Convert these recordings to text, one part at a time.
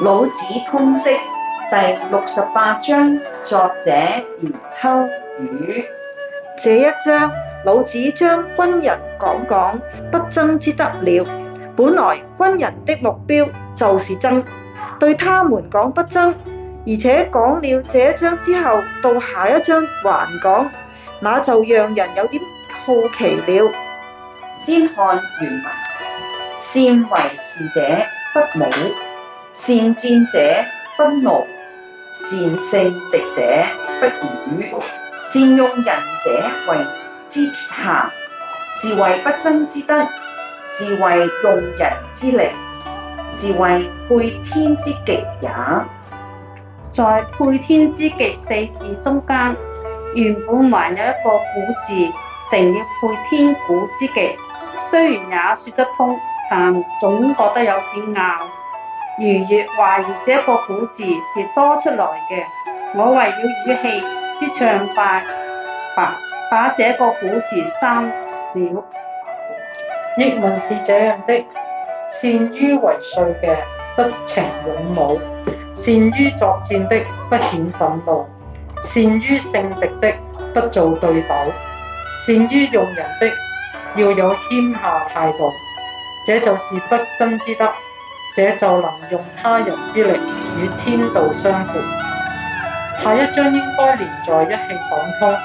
老子通釋第六十八章，作者余秋雨。這一章，老子將軍人講講不爭之德了。本來軍人的目標就是爭，對他們講不爭，而且講了這一章之後，到下一章還講，那就讓人有點好奇了。先看原文：善為士者不武。善戰者不怒，善勝敵者不語，善用人者為之下。是謂不爭之德，是謂用人之力，是謂配天之極也。在配天之極四字中間，原本還有一個古字，成了配天古之極。雖然也說得通，但總覺得有啲拗。如若懷疑這個古字是多出來嘅，我為了語氣之暢快，把把這個古字刪了。譯文是這樣的：善於為帥嘅，不逞勇武；善於作戰的，不顯憤怒；善於勝敵的，不做對鬥；善於用人的，要有謙下態度。這就是不爭之德。這就能用他人之力與天道相輔。下一章應該連在一起講通，誒、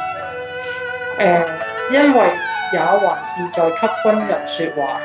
呃，因為也還是在給軍人說話。